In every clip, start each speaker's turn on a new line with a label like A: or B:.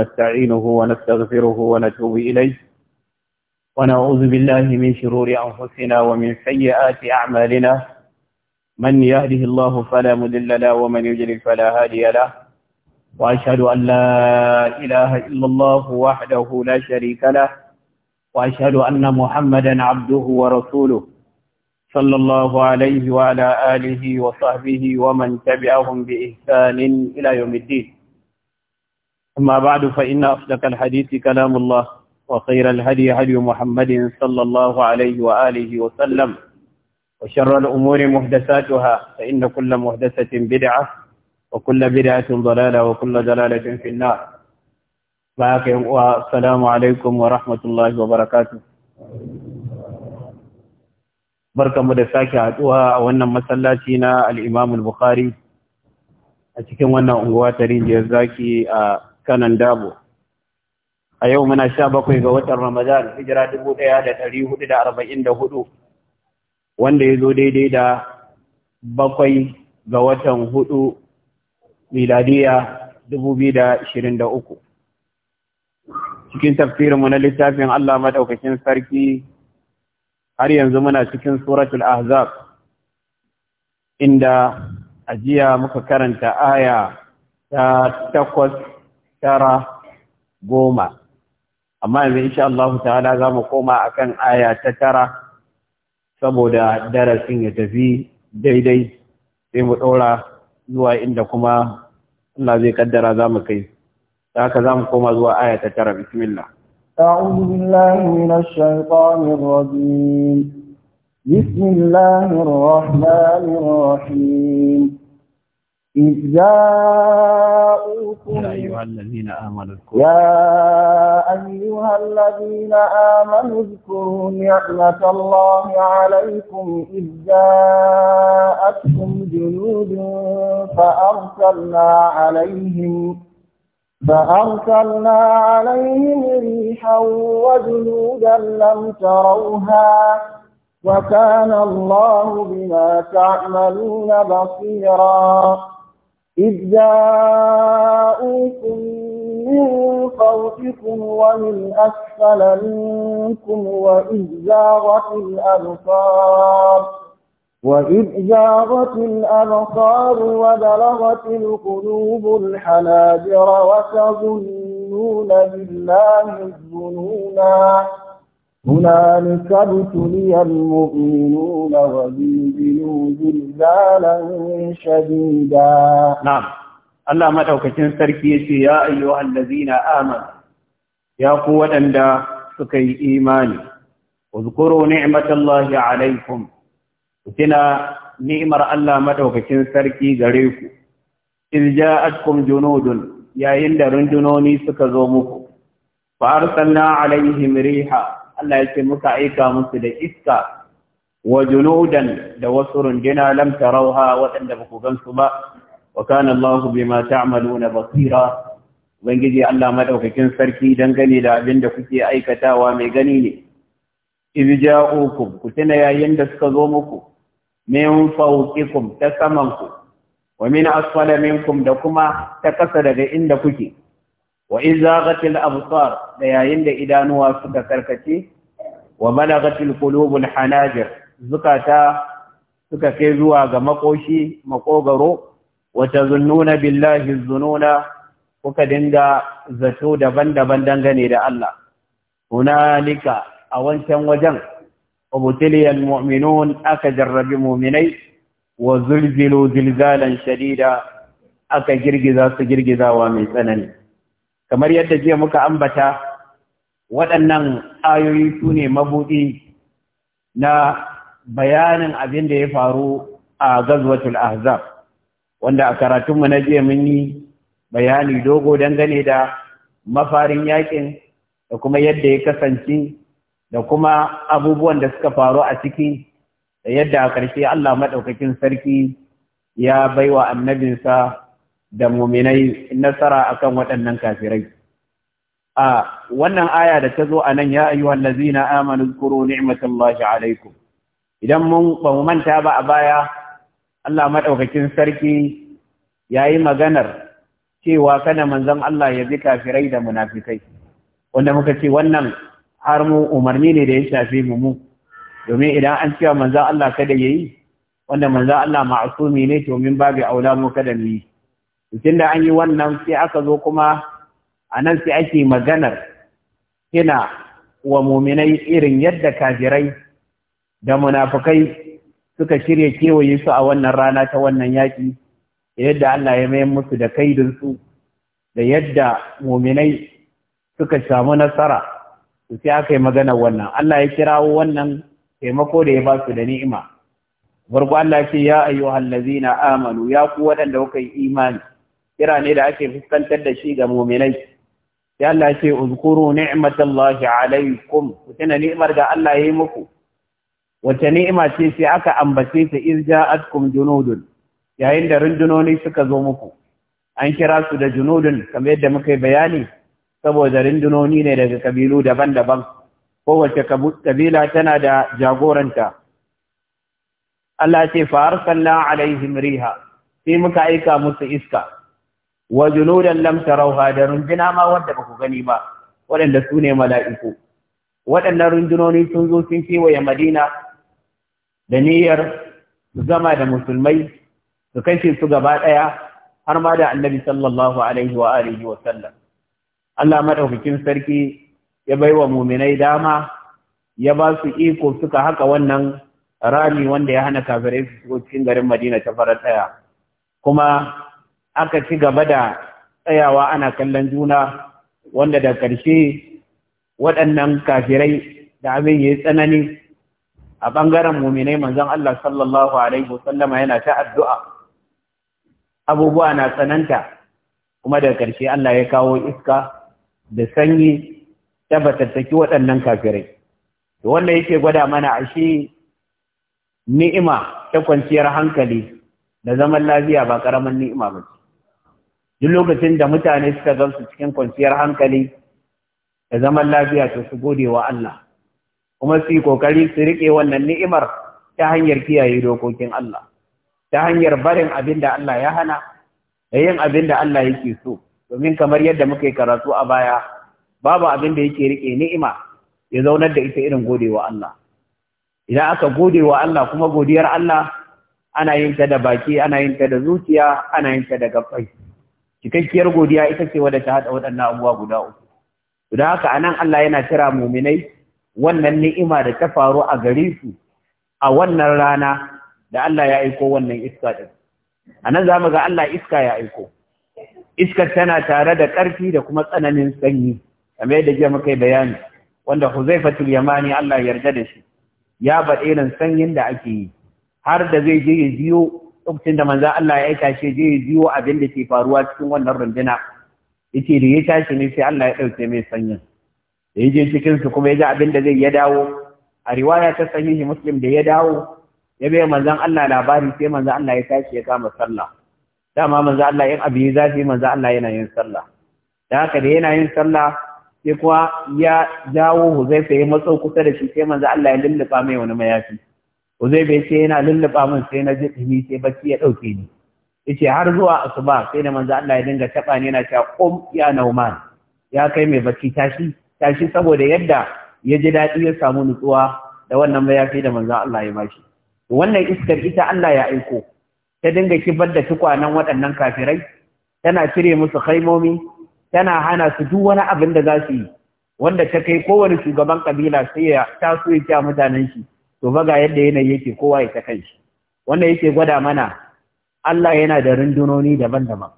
A: نستعينه ونستغفره ونتوب إليه ونعوذ بالله من شرور أنفسنا ومن سيئات أعمالنا من يهده الله فلا مضل له ومن يضلل فلا هادي له وأشهد أن لا إله إلا الله وحده لا شريك له وأشهد أن محمدا عبده ورسوله صلى الله عليه وعلى آله وصحبه ومن تبعهم بإحسان إلى يوم الدين أما بعد فإن أصدق الحديث كلام الله وخير الهدي هدي محمد صلى الله عليه وآله وسلم وشر الأمور محدثاتها فإن كل محدثة بدعة وكل بدعة ضلالة وكل ضلالة في النار باقي والسلام عليكم ورحمة الله وبركاته بركة مدساكي عدوها وأن مسلاتنا الإمام البخاري a cikin wannan unguwa ta rijiyar zaki a kanan dabo a yau muna sha bakwai ga watan ramadan hijira dubu ɗaya da ɗari hudu da arba'in da hudu wanda ya zo daidai da bakwai ga watan hudu miladiya dubu biyu da ashirin da uku cikin tafsirinmu na littafin allah maɗaukakin sarki har yanzu muna cikin suratul ahzab inda ajiya muka karanta aya ta takwas tara goma amma yanzu insha Allah ta'ala za mu koma akan aya ta tara saboda darasin ya tafi daidai sai mu ɗora zuwa inda kuma Allah zai kaddara za mu kai haka za mu koma zuwa aya ta tara bismillah
B: أعوذ بالله من الشيطان الرجيم بسم الله الرحمن الرحيم إذ جاءوكم يا أيها
A: الذين آمنوا اذكروا
B: يا أيها الذين آمنوا اذكروا نعمة الله عليكم إذ جاءتكم جنود فأرسلنا عليهم فأرسلنا عليهم ريحا وجنودا لم تروها وكان الله بما تعملون بصيرا إذ جاءوكم من فوقكم ومن أسفل منكم وإذ زاغت الأبصار وإذ زاغت الأبصار وبلغت القلوب الحناجر وتظنون بالله الظنونا هنالك ابتلي المؤمنون وزلزلوا زلزالا
A: شديدا نعم الله ما مدوكتين سركي يا ايها الذين امنوا يا قوة دا سكي ايماني اذكروا نعمة الله عليكم وتنا ni'imar الله ما sarki gare ku in ja'atkum junudun yayin da rundunoni suka zo muku fa arsalna Allah yake muka aika musu da iska wa junudan da wasu rundina lam tarauha waɗanda ba ku gansu ba wa kana Allah bima ta'maluna basira ubangiji Allah madaukakin sarki gani da abin da kuke aikatawa mai gani ne idh ja'ukum ku tuna yayin da suka zo muku min fawqikum ta saman wa min asfala minkum da kuma ta kasa daga inda kuke wa izaghatil Abusar da yayin da idanuwa suka karkace wa balagatil qulubul hanajir zukata suka kai zuwa ga makoshi makogaro wata tazunnuna billahi zununa kuka dinga zato daban-daban dangane da Allah hunalika a wancan wajen ubtiliyal mu'minun aka jarrabi mu'minai wa zulzilu zilzalan shadida aka girgiza su girgizawa mai tsanani kamar yadda jiya muka ambata waɗannan ayoyi su ne mabuɗi na bayanin abin da ya faru a gazwatul ahzab wanda a karatunmu na jiya mun yi bayani dogo dangane da mafarin yakin da kuma yadda ya kasance da kuma abubuwan da suka faru a ciki da yadda a ƙarshe Allah maɗaukakin sarki ya baiwa annabinsa da muminai nasara akan waɗannan kafirai a wannan aya da ta zo a nan ya ayyuhal allazina amanu zkuru ni'matallahi alaikum idan mun ba mu manta ba a baya Allah madaukakin sarki yayi maganar cewa kana manzon Allah ya bi kafirai da munafikai wanda muka ce wannan har mu umarni ne da ya shafe mu mu domin idan an cewa manzon Allah kada yayi wanda manzon Allah ma'asumi ne to min babu aula mu kada mu yi tun da an yi wannan sai aka zo kuma a nan sai ake maganar kina wa muminai irin yadda kafirai da munafukai suka shirya kewaye su a wannan rana ta wannan yaƙi yadda Allah ya mayar musu da kaidinsu da yadda muminai suka samu nasara su sai aka yi maganar wannan Allah ya kirawo wannan taimako da ya ba su da ni'ima farko Allah ce ya ayyuhallazina amanu ya ku waɗanda kuka yi imani kira ne da ake fuskantar da shi ga mu'minai Sai Allah ce uzkuru ni'matallahi alaikum kuna ni'mar da Allah ya yi muku wace ni'ima ce sai aka ambace ta iz ja'atkum junudun yayin da rundunoni suka zo muku an kira su da junudun kamar yadda muka yi bayani saboda rundunoni ne daga kabilu daban-daban kowace kabila tana da jagoranta Allah ce fa arsalna alaihim riha sai muka aika musu iska wa junudan lam tarauha da runduna ma wanda ba ku gani ba waɗanda su ne mala'iku waɗannan rundunoni sun zo sun kewaye madina da niyyar zama da musulmai su kashe su gaba ɗaya har ma da annabi sallallahu alaihi wa alihi wa sallam Allah madaukakin sarki ya baiwa muminai dama ya ba su iko suka haka wannan rami wanda ya hana kafirai su cikin garin Madina ta farar ɗaya kuma aka ci gaba da tsayawa ana kallon juna wanda da ƙarshe waɗannan kafirai da abin ya yi tsanani a ɓangaren muminai manzon Allah sallallahu Alaihi wasallama yana ta addu'a abubuwa na tsananta kuma da ƙarshe Allah ya kawo iska da sanyi ta batattaki waɗannan kafirai. Da wanda yake gwada mana ashe ni'ima ta kwanciyar hankali da zaman lafiya ba ƙaramin ni'ima ba duk lokacin da mutane suka gamsu cikin kwanciyar hankali da zaman lafiya to su gode wa Allah kuma su yi kokari su riƙe wannan ni'imar ta hanyar kiyaye dokokin Allah ta hanyar barin abin da Allah ya hana da yin abin da Allah yake so domin kamar yadda muka muke karatu a baya babu abin da yake riƙe ni'ima ya zaunar da ita irin gode wa Allah idan aka gode wa Allah kuma godiyar Allah ana yin ta da baki ana yin ta da zuciya ana yin ta da gabbai cikakkiyar godiya ita ce wadda ta haɗa waɗannan abubuwa guda uku guda haka anan Allah yana kira muminai wannan ni'ima da ta faru a gare su a wannan rana da Allah ya aiko wannan iska din anan mu ga Allah iska ya aiko iskar tana tare da ƙarfi da kuma tsananin sanyi kamar yadda jiya muka bayani wanda Huzaifatul Yamani Allah yarda da shi ya baɗe irin sanyin da ake yi har da zai je ya biyo lokacin da manzan Allah ya tashi je ya jiwo abin da ke faruwa cikin wannan runduna ce da ya tashi ne sai Allah ya ɗauke mai sanyin da ya je cikin su kuma ya ji abin da zai ya dawo a riwaya ta sahihi muslim da ya dawo ya bai manzan Allah labari sai manzan Allah ya tashi ya kama sallah dama manzan Allah in abu ya zafi manzan Allah yana yin sallah da haka da yana yin sallah sai kuwa ya dawo huzaifa ya matso kusa da shi sai manzan Allah ya lullufa mai wani mayafi ya ce yana lulluɓa min sai na ji ɗumi sai bacci ya ɗauke ni. Yace har zuwa asuba sai da manzo Allah ya dinga taɓa ni yana cewa qum ya nauman. Ya kai mai bacci tashi tashi saboda yadda ya ji daɗi ya samu nutsuwa da wannan mayafi da manzo Allah ya bashi. Wannan iskar ita Allah ya aiko ta dinga kibar da tukwanan waɗannan kafirai tana cire musu khaimomi tana hana su duk wani abin da za su yi wanda ta kai kowane shugaban kabila sai ya taso ya mutanen shi to ga yadda yanayi yake kowa ya ta kanshi wannan yake gwada mana Allah yana da rundunoni daban-daban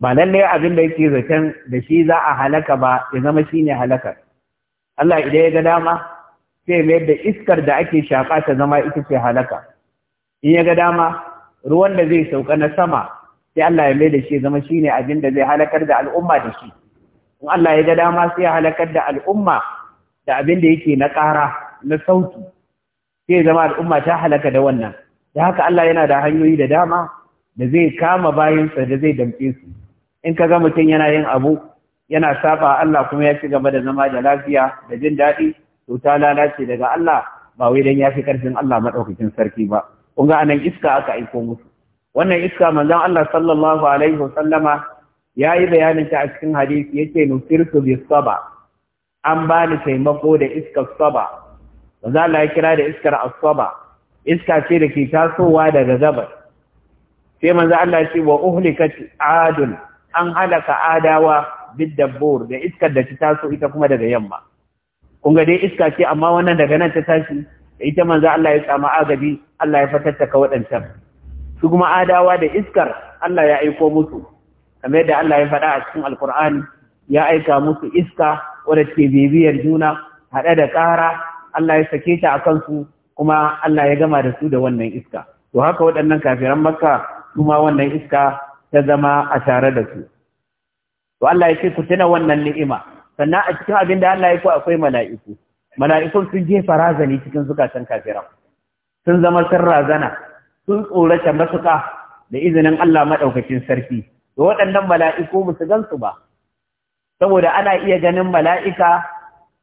A: ba lallai abin da yake zaton da shi za a halaka ba ya zama shine halakar Allah idan ya ga dama sai mayar da iskar da ake shaka ta zama ita ce halaka in ya ga dama ruwan da zai sauka na sama sai Allah ya mai da shi zama shi ne abin da zai halakar da al'umma da shi in Allah ya ga dama sai ya halakar da al'umma da abin da yake na ƙara na sauti ke zama al'umma ta halaka da wannan da haka Allah yana da hanyoyi da dama da zai kama bayansa da zai damƙe su in ka ga mutum yana yin abu yana saba Allah kuma ya ci gaba da zama da lafiya da jin daɗi to ta lalace daga Allah ba wai dan ya fi ƙarfin Allah maɗaukakin sarki ba kun ga anan iska aka aiko musu wannan iska manzon Allah sallallahu alaihi wasallama ya yi bayanin ta a cikin hadisi yace nusirtu bi saba an bani taimako da iskar saba manzo Allah ya kira da iskar asaba iska ce da ke tasowa daga gabar sai manzo Allah ya ce wa uhlikat adun an halaka adawa bid dabbur da iskar da ta taso ita kuma daga yamma kun ga dai iska ce amma wannan daga nan ta tashi ita manzo Allah ya tsama agabi Allah ya ka waɗancan su kuma adawa da iskar Allah ya aiko musu kamar yadda Allah ya faɗa a cikin alkur'ani ya aika musu iska wadda ke bibiyar juna haɗe da ƙara Allah ya sake ta a kansu kuma Allah ya gama da su da wannan iska to haka waɗannan kafiran makka kuma wannan iska ta zama a tare da su to Allah ya ce ku tuna wannan ni'ima sannan a cikin abin da Allah ya ku akwai mala'iku mala'ikun sun je farazani cikin zukatan kafiran sun zama sun razana sun tsorata matuƙa da izinin Allah maɗaukacin sarki da waɗannan mala'iku ba su gansu ba saboda ana iya ganin mala'ika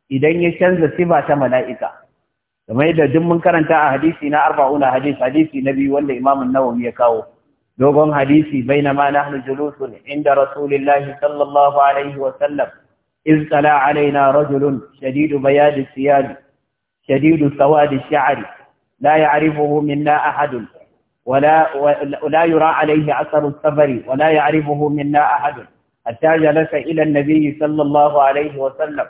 A: idan ya canza siba ta mala'ika kamar yadda duk mun karanta a hadisi na arba'una hadis hadisi na biyu wanda imamun nawawi ya kawo dogon hadisi bainama nahnu julusun inda rasulillahi sallallahu alaihi wa sallam iz tala alaina rajulun shadidu bayadi siyadi shadidu sawadi sha'ri la ya'rifuhu minna ahadun ولا ولا يرى عليه اثر السفر ولا يعرفه منا احد حتى جلس الى النبي sallallahu الله عليه وسلم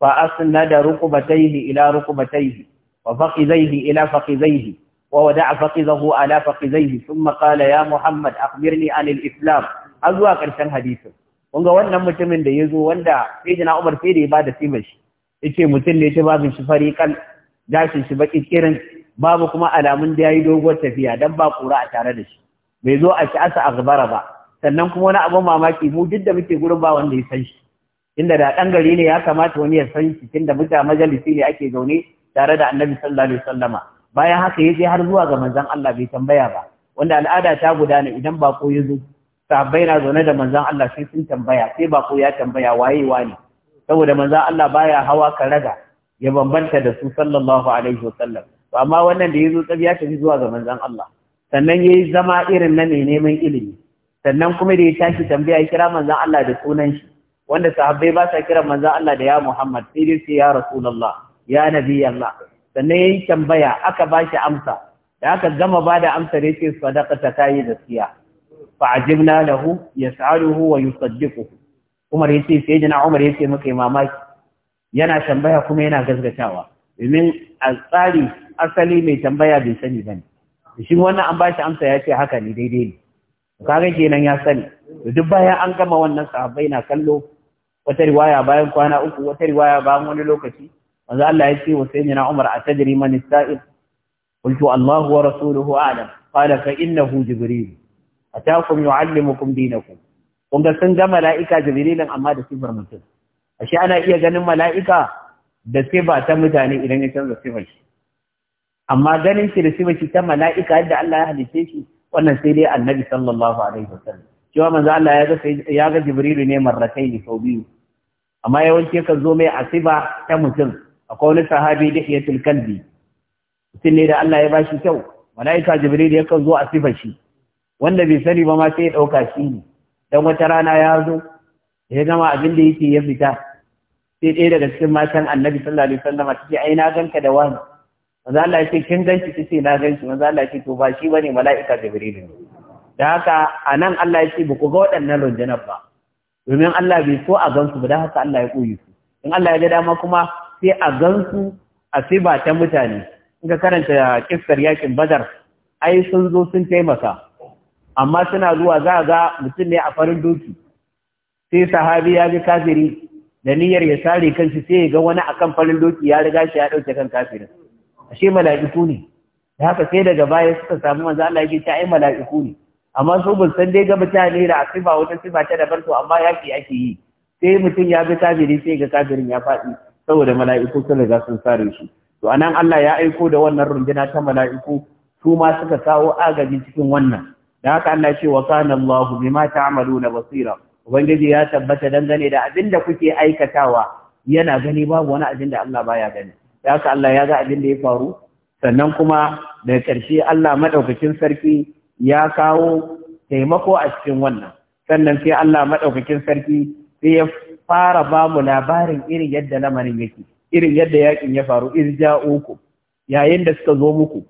A: فأسند ركبتيه إلى ركبتيه وفخذيه إلى فخذيه وودع فخذه على فخذيه ثم قال يا محمد أخبرني عن الإسلام ƙarshen قرشان حديثه ga wannan mutumin da ya zo wanda na Umar sai da ya bada sifar shi yace mutum ne yace babu shi fariqan gashin shi baki kirin babu kuma alamun da yayi doguwar tafiya dan ba kura a tare da shi bai zo a ci asa akhbara ba sannan kuma wani abin mamaki mu duk da muke gurin ba wanda ya san shi inda da ɗan gari ne ya kamata wani ya san cikin da mutane majalisi ne ake zaune tare da annabi sallallahu alaihi wasallama bayan haka ya je har zuwa ga manzon Allah bai tambaya ba wanda al'ada ta gudana idan bako ya zo sahabbai na zaune da manzon Allah sai sun tambaya sai bako ya tambaya waye wani saboda manzon Allah baya hawa karaga ya bambanta da su sallallahu alaihi wasallam to amma wannan da ya zo tsabi ya tafi zuwa ga manzon Allah sannan ya yi zama irin na mai neman ilimi sannan kuma da ya tashi tambaya ya kira manzon Allah da sunan shi wanda sahabbai ba sa kiran manza Allah da ya Muhammad sai dai sai ya Rasulullah ya Nabi Allah sannan yayi tambaya aka ba shi amsa da aka gama ba da amsa ne sai sadaqata yi gaskiya fa ajibna lahu yas'aluhu wa yusaddiquhu Umar yace sai jina Umar yace muka yi mamaki yana tambaya kuma yana gaskatawa domin a tsari asali mai tambaya bai sani bane shi wannan an bashi amsa ya ce haka ne daidai ne kaga kenan ya sani duk bayan an gama wannan sahabbai na kallo wata riwaya bayan kwana uku wata riwaya bayan wani lokaci manzo Allah ya ce wa sayyidina Umar atadri man ista'ib qultu Allah wa rasuluhu a'lam qala fa innahu jibril atakum yu'allimukum dinakum kun ga sun ga mala'ika jibrilin amma da sifar mutum ashe ana iya ganin mala'ika da sifa ta mutane idan ya canza sifar shi amma ganin shi da sifar shi ta mala'ika yadda Allah ya halice shi wannan sai dai annabi sallallahu alaihi wasallam cewa manzo Allah ya ga ya ga Jibrilu ne marratai ne sau biyu amma yawanci kan zo mai asiba ta mutum akwai wani sahabi da ya tilkalbi mutum ne da Allah ya bashi kyau malaika Jibrilu ya kan zo asiba shi wanda bai sani ba ma sai ya dauka shi ne dan wata rana ya zo ya gama abin da yake ya fita sai ɗaya daga cikin matan Annabi sallallahu alaihi wasallam ta ce ai na ganka da wani manzo Allah ya ce kin ganki kace na ganki manzo Allah ya ce to ba shi bane mala'ika Jibrilu ne da haka a nan Allah ya ce ba ku ga waɗannan rundunar ba domin Allah bai so a gansu ba da haka Allah ya koyi su in Allah ya ga dama kuma sai a gansu a ba ta mutane in ka karanta kissar yakin badar ai sun zo sun taimaka amma suna zuwa za ga mutum ne a farin doki sai sahabi ya ga kafiri da niyyar ya sare kansa sai ya ga wani akan farin doki ya riga shi ya dauke kan kafirin ashe mala'iku ne da haka sai daga baya suka samu manzo Allah yake ta ai mala'iku ne amma su ban san dai ga mutane da ba wata sifa ta daban to amma yaki ake yi sai mutum ya bi kafiri sai ga kafirin ya faɗi saboda mala'iku sun riga sun sare shi to anan Allah ya aiko da wannan runduna ta mala'iku su ma suka kawo agaji cikin wannan da haka Allah ce wa kana Allahu bima ta'maluna basira ubangiji ya tabbata dangane da abin da kuke aikatawa yana gani babu wani abin da Allah baya gani da haka Allah ya ga abin da ya faru sannan kuma daga karshe Allah madaukakin sarki ya kawo taimako a cikin wannan sannan sai Allah maɗaukakin sarki sai ya fara ba mu labarin irin yadda lamarin yake irin yadda yakin ya faru uku, yayin da suka zo muku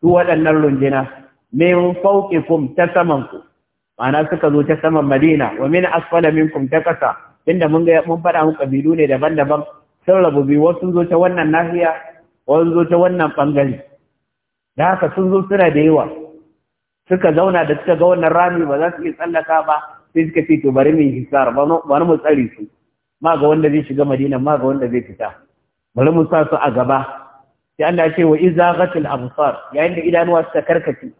A: su waɗannan rundina min fawqikum ta saman ku ma'ana suka zo ta saman Madina wa min asfala minkum ta kasa inda mun ga mun faɗa muku kabilu ne daban-daban sun rabu biyu wasu sun zo ta wannan nahiya wasu zo ta wannan bangare da haka sun zo suna da yawa suka zauna da suka ga wannan rami ba za su iya tsallaka ba sai suka ce to bari mu hisar bari mu tsare su ma ga wanda zai shiga madina ma ga wanda zai fita bari mu sa su a gaba sai Allah ya ce wa ghatil absar yayin da idanuwa suka karkace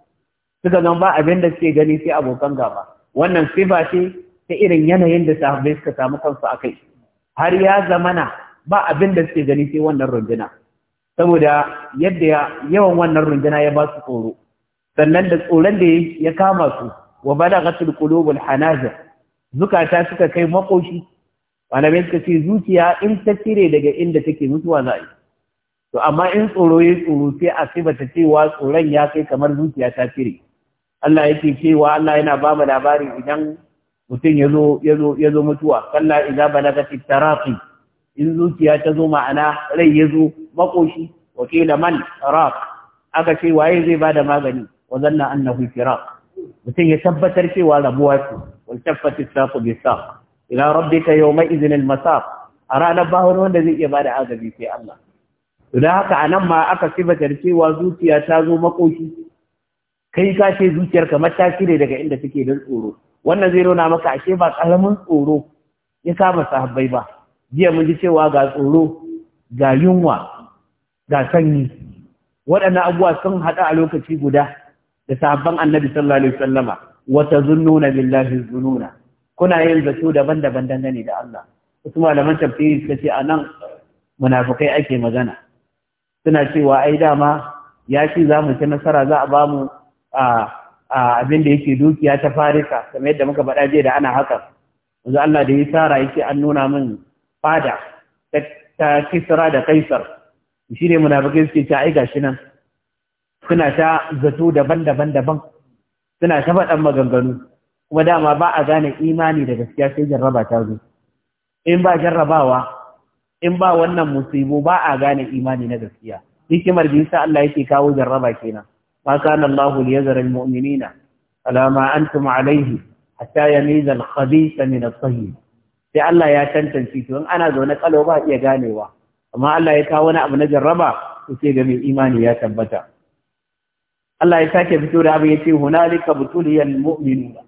A: suka zama ba abin da suke gani sai abokan gaba wannan sifa ce ta irin yanayin da sahabbai suka samu kansu akai har ya zamana ba abin da suke gani sai wannan runduna saboda yadda yawan wannan runduna ya ba su tsoro sannan da tsoron da ya kama su wa balagatul qulubul hanajir zukata suka kai makoshi malamai suka ce zuciya in ta cire daga inda take mutuwa za yi to amma in tsoro ya tsoro sai a bata cewa tsoron ya kai kamar zuciya ta cire Allah yake cewa Allah yana ba mu labari idan mutum ya zo mutuwa kalla idza balagatit taraqi in zuciya ta zo ma'ana rai ya zo makoshi wakila man raq aka ce waye zai bada magani wa zanna annahu firaq mutum ya tabbatar cewa rabuwa ce wal tabbati saqu bi saq ila rabbika yawma idhin al masaq a ranar ba wanda zai iya bada agabi sai Allah to dan haka anan ma aka sifatar cewa zuciya ta zo makoki kai ka ce zuciyar kamar ta shire daga inda take don tsoro wannan zai nuna maka ashe ba karamin tsoro ya kama sahabbai ba jiya mun ji cewa ga tsoro ga yunwa ga sanyi waɗannan abubuwa sun haɗa a lokaci guda da sahabban annabi sallallahu alaihi wasallama wa tazunnuna billahi zununa kuna yin zato daban-daban dangane da Allah wasu malaman tafsiri suka ce anan munafikai ake magana suna cewa ai dama ya ce za mu ci nasara za a ba mu abin da yake dukiya ta farika kamar yadda muka faɗa jiya da ana haka yanzu Allah da ya tsara yake an nuna min fada ta kisra da kaisar shi ne munafikai suke ci ai gashi nan suna ta zato daban-daban daban suna ta faɗan maganganu kuma dama ba a gane imani da gaskiya sai jarraba ta zo in ba jarrabawa in ba wannan musibo ba a gane imani na gaskiya hikimar da sa Allah yake kawo jarraba kenan ma kana Allahu liyazara almu'minina ala ma antum alayhi hatta yamiza alkhabitha min at-tayyib sai Allah ya tantance to in ana zaune kalo ba iya ganewa amma Allah ya kawo wani abu na jarraba sai ga mai imani ya tabbata Allah ya sake fito da abu yace hunalika butuliyal mu'minuna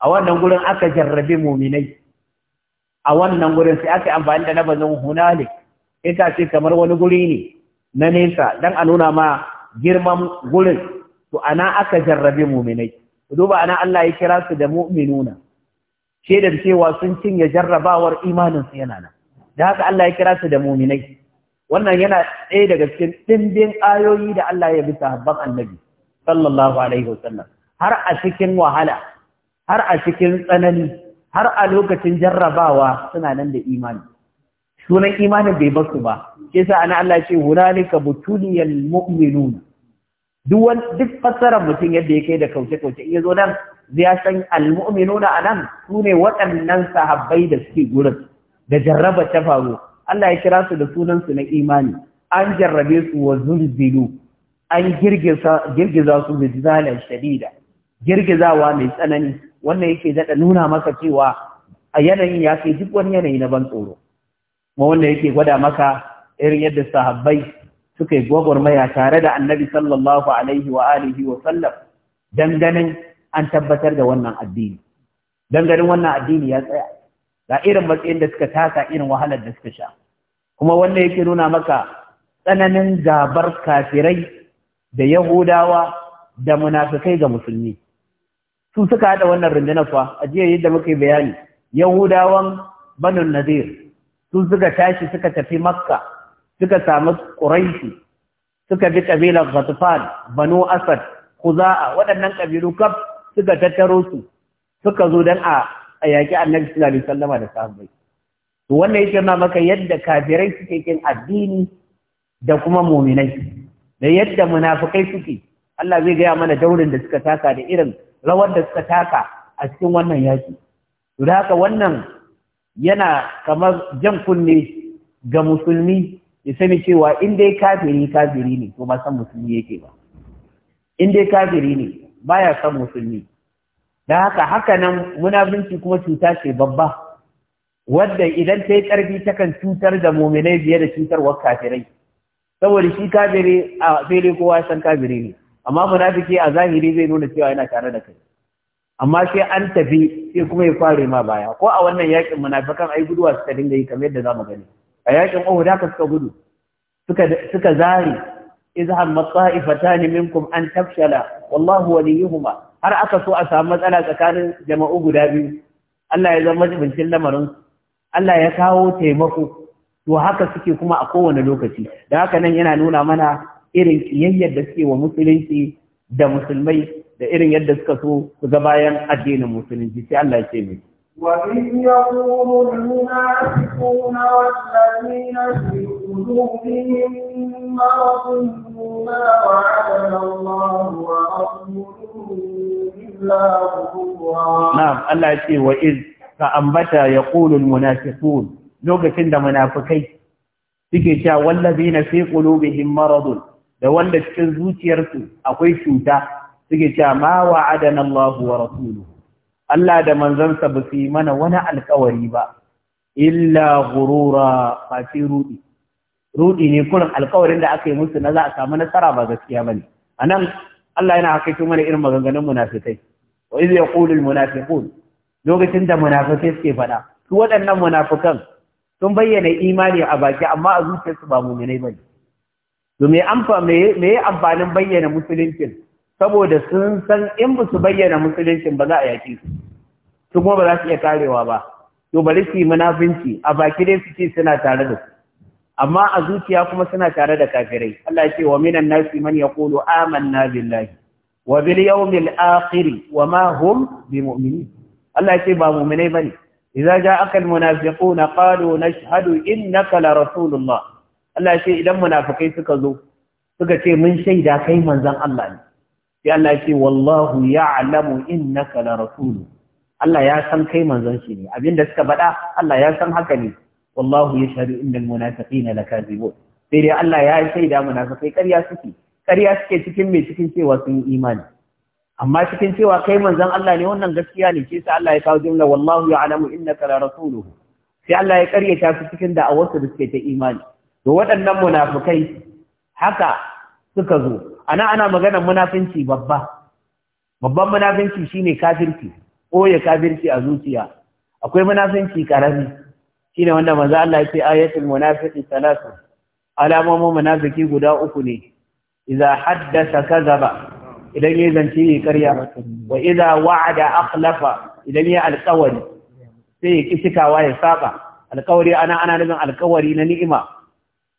A: a wannan gurin aka jarrabe mu'minai a wannan gurin sai aka amfani da nabazin hunalik ita ce kamar wani guri ne na nesa dan a nuna ma girman gurin to ana aka jarrabe mu'minai duba ana Allah ya kira su da mu'minuna shaidar cewa sun cinye jarrabawar imanin su yana nan da haka Allah ya kira su da mu'minai wannan yana ɗaya daga cikin dimbin ayoyi da Allah ya bisa babban annabi sallallahu alaihi wasallam har a cikin wahala har a cikin tsanani har a lokacin jarrabawa suna nan da imani sunan imanin bai basu ba shi ana Allah ce hunalika butuliyal mu'minun duk duk fassarar mutum yadda ya kai da kauce kauce in yazo nan zai san al mu'minuna anan sune waɗannan sahabbai da suke gurin da jarraba ta faru Allah ya kira su da sunan su na imani an jarrabe su wa zulzilu an girgiza su zilzalan shadida girgizawa mai tsanani wannan yake daɗa nuna maka cewa a yanayin ya kai duk wani yanayi na ban tsoro ma wannan yake gwada maka irin yadda sahabbai suka yi gwagwarmaya tare da annabi sallallahu alaihi wa alihi wa sallam dan an tabbatar da wannan addini dan wannan addini ya tsaya ga irin matsayin da suka taka irin wahalar da suka sha kuma wannan yake nuna maka tsananin gabar kafirai da yahudawa da munafikai ga musulmi su suka hada wannan rundunar fa a jiya yadda muka yi bayani yahudawan banu nadir su suka tashi suka tafi makka suka samu quraishi suka bi kabilar ghatfan banu asad khuza'a waɗannan kabilu kaf suka tattaro su suka zo dan a yaki annabi sallallahu alaihi wasallama da sahabbai to wannan yake nuna maka yadda kafirai suke kin addini da kuma mu'minai da yadda munafukai suke Allah zai gaya mana daurin da suka taka da irin rawar da suka taka a cikin wannan yaki to da haka wannan yana kamar jan kunne ga musulmi ya sani cewa in dai kafiri kafiri ne to ba san musulmi yake ba in dai kafiri ne baya san musulmi da haka haka nan munafinci kuma cuta ce babba wadda idan ta yi ƙarfi takan cutar da muminai biye da cutarwar kafirai saboda shi kabiri a fili kowa san kabiri ne amma munafiki a zahiri zai nuna cewa yana tare da kai amma sai an tafi sai kuma ya kware ma baya ko a wannan yakin munafikan ai guduwa suka dinga yi kamar yadda zamu gani a yakin Uhud haka suka gudu suka suka zari izhan masa'ifatan minkum an tafshala wallahu waliyuhuma har aka so a samu matsala tsakanin jama'u guda biyu Allah ya zama jibincin lamarin Allah ya kawo taimako to haka suke kuma a kowane lokaci da haka nan yana nuna mana irin kiyayyar da suke wa musulunci da musulmai da irin yadda suka so su ga bayan addinin musulunci sai Allah ya ce mai
B: وإذ يقول المنافقون والذين في قلوبهم مرض ما وعدنا الله ورسوله إلا
A: غرورا نعم الله يقول وإذ فأنبت يقول المنافقون lokacin da munafikai suke cewa na fi qulubihim maradun da wanda cikin zuciyarsu akwai cuta suke cewa ma wa'adana Allahu wa rasuluhu Allah da manzansa ba su yi mana wani alkawari ba illa gurura fati rudi rudi ne kullum alkawarin da aka yi musu na za a samu nasara ba gaskiya bane anan Allah yana hakaito mana irin maganganun munafikai wa idh yaqulu almunafiqun lokacin da munafikai suke faɗa su waɗannan munafikan sun bayyana imani a baki amma a zuciyarsu ba muminai bane to me amfa me me amfanin bayyana musuluncin saboda sun san in ba su bayyana musuluncin ba za a yaki su su kuma ba za su iya karewa ba to bari su yi munafinci a baki dai su ce suna tare da su amma a zuciya kuma suna tare da kafirai Allah ya ce wa minan nasi man yaqulu amanna billahi wa bil yawmil akhir wa ma hum bimu'minin Allah ya ce ba mu'minai bane idza ja'aka almunafiquna qalu nashhadu innaka la rasulullah Allah ce idan munafikai suka zo suka ce mun shaida kai manzon Allah ne sai Allah ce wallahu ya'lamu innaka la rasul Allah ya san kai manzon shi ne abinda suka faɗa Allah ya san haka ne wallahu yashhadu innal munafiqina lakazibun sai dai Allah ya shaida munafikai karya suke ƙarya cikin mai cikin cewa sun yi imani amma cikin cewa kai manzon Allah ne wannan gaskiya ne ke sa Allah ya kawo jumla wallahu ya'lamu innaka la rasuluhu sai Allah ya karyata su cikin da'awarsu da suke ta imani to waɗannan munafukai haka suka zo ana ana maganar munafinci babba babban munafinci shine kafirci ya kafirci a zuciya akwai munafinci karami shine wanda manzo Allah ya ce ayatul munafiqi salasa alamomin munafiki guda uku ne idza haddasa kadhaba idan ya zance ya karya wa idza wa'ada akhlafa idan ya alƙawari sai ya kishikawa ya saba alƙawari ana ana nufin alƙawari na ni'ima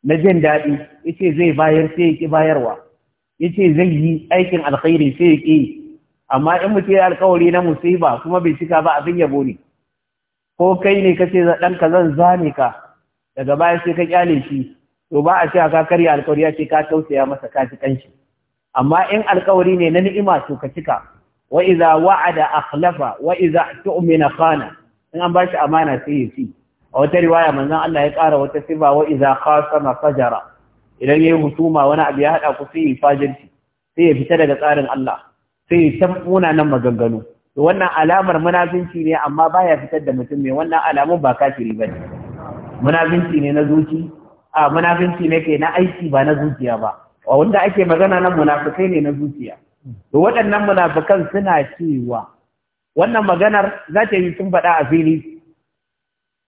A: na jin daɗi yace zai bayar sai ya ki bayarwa yace zai yi aikin alkhairi sai ya ki amma in mutum ya alƙawari na musiba kuma bai cika ba abin yabo ne ko kai ne kace dan ka zan zane ka daga baya sai ka kyale shi to ba a ce ka karya alƙawari ya ce ka tausaya masa ka ji kanshi amma in alkawari ne na ni'ima to ka cika wa idza wa'ada akhlafa wa idza tu'mina khana in an bashi amana sai ya ci a wata riwaya manzon Allah ya ƙara wata sifa wa idza khasama fajara idan yayi husuma wani abu ya hada ku sai ya fajirci sai ya fita daga tsarin Allah sai ya tamuna nan maganganu to wannan alamar munafinci ne amma baya fitar da mutum mai wannan alamun ba kafiri bane munafinci ne na zuci a munafinci ne ke na aiki ba na zuciya ba wanda ake magana nan munafikai ne na zuciya to waɗannan munafikan suna cewa wannan maganar za ta yi sun faɗa a fili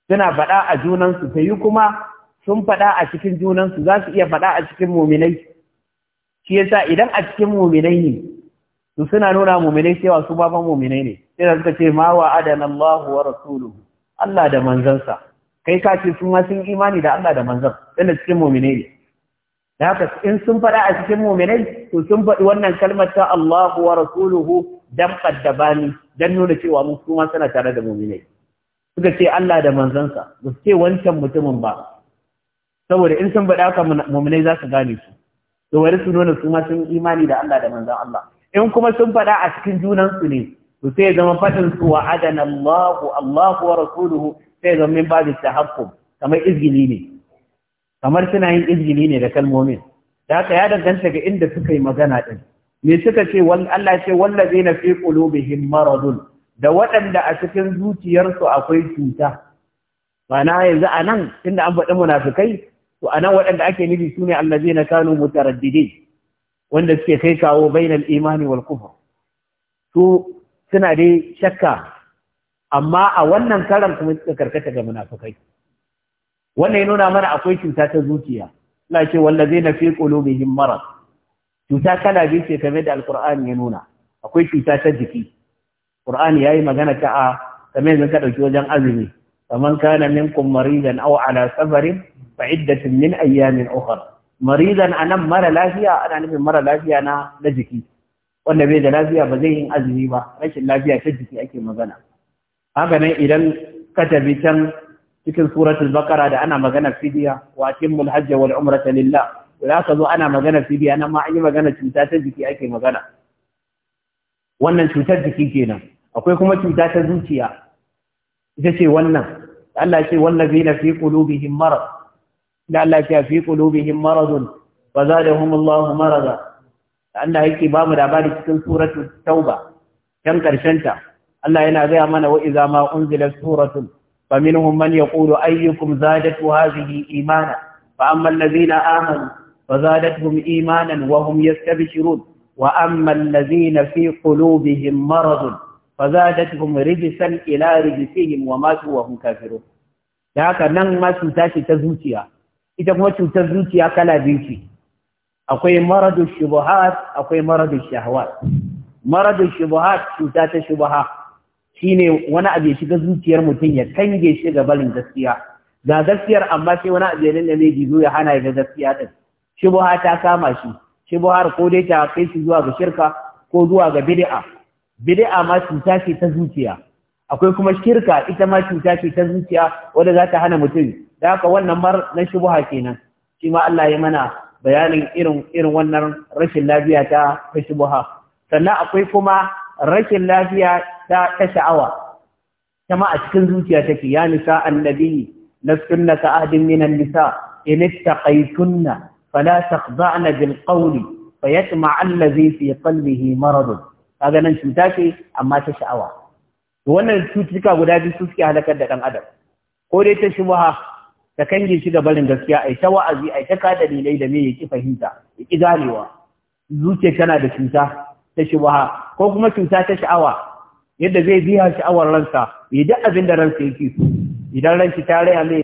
A: suna faɗa a junansu ta yi kuma sun faɗa a cikin junansu za su iya faɗa a cikin muminai shi yasa idan a cikin muminai ne su suna nuna muminai cewa su baban muminai ne sai da suka ce ma wa adana Allah wa rasuluhu Allah da manzansa kai ka ce su ma sun imani da Allah da manzan dan cikin muminai ne haka in sun faɗa a cikin muminai to sun faɗi wannan kalmar ta Allahu wa rasuluhu dan qaddabani dan nuna cewa mun su ma suna tare da muminai suka ce Allah da manzansa ba su ce wancan mutumin ba saboda in sun faɗa haka muminai za su gane su to wari su nuna su ma sun imani da Allah da manzan Allah in kuma sun faɗa a cikin junansu ne to sai ya zama faɗin su wa adana Allahu Allahu wa rasuluhu sai ya zama min babu tahakkub kamar izgili ne kamar suna yin izini ne da kalmomin da haka ya danganta ga inda suka yi magana din me suka ce Allah ce na fi qulubihim maradun da waɗanda a cikin zuciyarsu akwai cuta ma'ana yanzu a nan tunda an faɗi munafikai to a nan waɗanda ake nufi su ne allazina kanu mutaraddidin wanda suke kai kawo bainal imani wal kufr su suna dai shakka amma a wannan karan kuma suka karkata ga munafikai wannan ya nuna mana akwai cuta ta zuciya Allah ce wallazi na fi qulubihim marad cuta kala biyu ce kamar da alqur'ani ya nuna akwai cuta ta jiki ya yayi magana ta a kamar yanzu ka ɗauki wajen azumi Kamar kana minkum maridan aw ala safarin fa min ayyamin ukhra maridan anan mara lafiya ana nufin mara lafiya na na jiki wanda bai da lafiya ba zai yin azumi ba rashin lafiya ta jiki ake magana haka nan idan ka tafi can cikin suratul bakara da ana magana fidiya wa atimmul hajja wal umrata lillah da ka zo ana magana fidiya nan ma an yi magana cuta ta jiki ake magana wannan cutar jiki kenan akwai kuma cuta ta zuciya ita ce wannan Allah ya ce wallazina fi qulubihim marad da Allah ya ce fi qulubihim maradun fa zadahum Allah marada Allah yake ba mu labari cikin suratul tauba kan karshen ta Allah yana gaya mana wa idza ma unzilat suratun فمنهم من يقول أيكم زادت هذه إيمانا فأما الذين آمنوا فزادتهم إيمانا وهم يستبشرون وأما الذين في قلوبهم مرض فزادتهم رجسا إلى رجسهم وماتوا وهم كافرون da haka nan ma cuta ce ta zuciya ita kuma cutar zuciya kala biyu ce akwai maradu shubuhat akwai maradu shahwat maradu shubuhat cuta ta shubuha shine wani abu ya shiga zuciyar mutum ya kange shi ga barin gaskiya ga gaskiyar amma sai wani abu ya nan ne gizo ya hana ya ga gaskiya din shubha ta kama shi shubhar ko dai ta kai shi zuwa ga shirka ko zuwa ga bid'a bid'a ma cuta ce ta zuciya akwai kuma shirka ita ma cuta ce ta zuciya wadda za ta hana mutum da haka wannan mar na shubha kenan shi ma Allah ya mana bayanin irin wannan rashin lafiya ta ta sannan akwai kuma rashin lafiya ta ta sha'awa kama a cikin zuciya take ya nisa annabi lastunna ka ahdin minan nisa in ittaqaytunna fala takhda'na bil qawli fayatma allazi fi qalbihi marad kaga nan cuta ce amma ta sha'awa to wannan cututtuka guda biyu su suke halakar da dan adam ko dai ta shubha ta kange shi ga barin gaskiya ai ta wa'azi ai ta ka dalilai da me yake fahimta yake ganewa zuciya tana da cuta ta waha, ko kuma cuta ta sha'awa yadda zai biya sha'awar ransa ya ji abin da ransa yake so idan ranki ta raya mai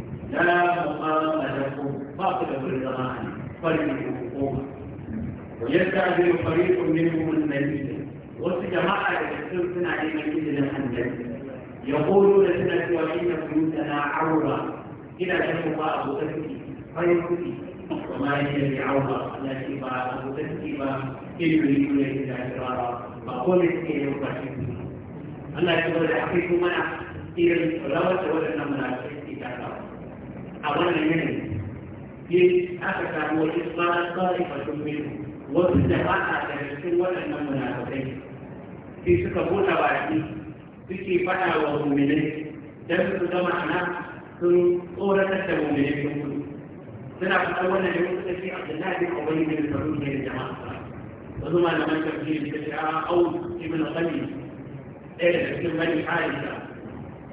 C: لا مقام لكم باطل في بالزمان فريق الحكومة ويستعجل فريق منهم المدينة وسجماعة يكتب سنة على مدينة الحنجل يقولون سنة وإن بيوتنا عورة إلى جنوبها أبو تسكي فيكفي وما هي بعورة لا شفاء أبو تسكي إلا يريدون إلا إقرارا فقل إسكي يوقع الله يقول الحقيقة منع إلى الروة وإنما مناسك a wannan yanayi sai aka samu wani tsara tsari fashin minu wasu da ba a da cikin waɗannan munafikai sai suka buɗe baki suke faɗa wa muminai don su zama ana sun tsoratar da muminai sun kudu suna fitar wannan yau suka ce abdullahi bin ubayy bin faruk ne da jama'a wasu malaman tafsiri suka ce a au ibn qali ɗaya da cikin bani aisha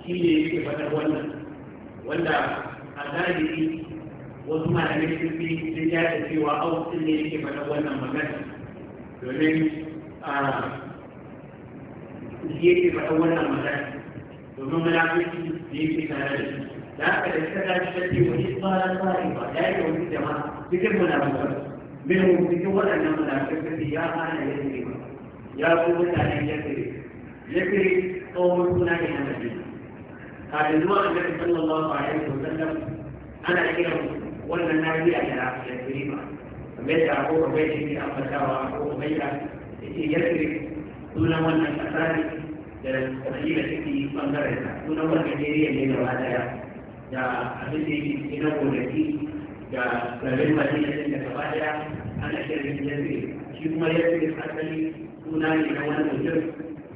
C: shi ne yake faɗar wannan wanda a zahiri wasu malamai sun fi sun ya da cewa a wasu ne yake faɗa wannan magana domin a shi yake faɗa wannan magana domin munafiki da yake tare da shi da aka da suka dace da ce wani tsara tsari ba ya yi wani jama'a cikin malamai min cikin waɗannan malamai munafikan ya hana ya ya kuma mutane ya tsere ya tsere tsohon suna yana da madina kafin zuwa annabi sallallahu alaihi wa sallam ana kiran wannan nahiya da yasriba kamar yadda a ubaida yake ambatawa abu ubaida yake yasrib sunan wannan kasa ne da kabila take bangaren ta sunan wannan area ne gaba daya da abin da yake cikin gonaki da garin madina da gaba daya ana kiran yasrib shi kuma yasrib asali suna ne na wani mutum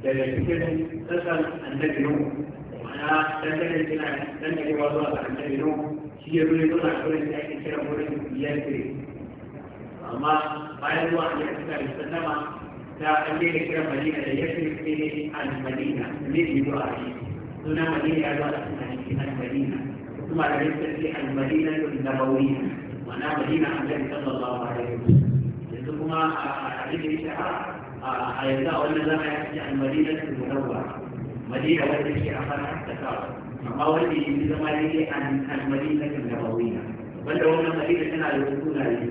C: daga cikin sassan annabi nuhu na dangane suna dangane wa zuwa ga annabi shi ya zo ya zo na da ake kira wurin yasri amma bayan zuwa da sallama ta an daina kira madina da yasri ne al-madina ne zuwa a suna madina ya zuwa suna madina kuma da rinsa ce al-madina da nabawiya ma'ana madina sallallahu alaihi yanzu kuma a hadin da ya shahara a yanzu a wannan zama ya ce madina da مدينة والتي أخذ التكاثر مقاولي لزمالي عن المدينة النبوية بل هو مدينة سنة يكون لي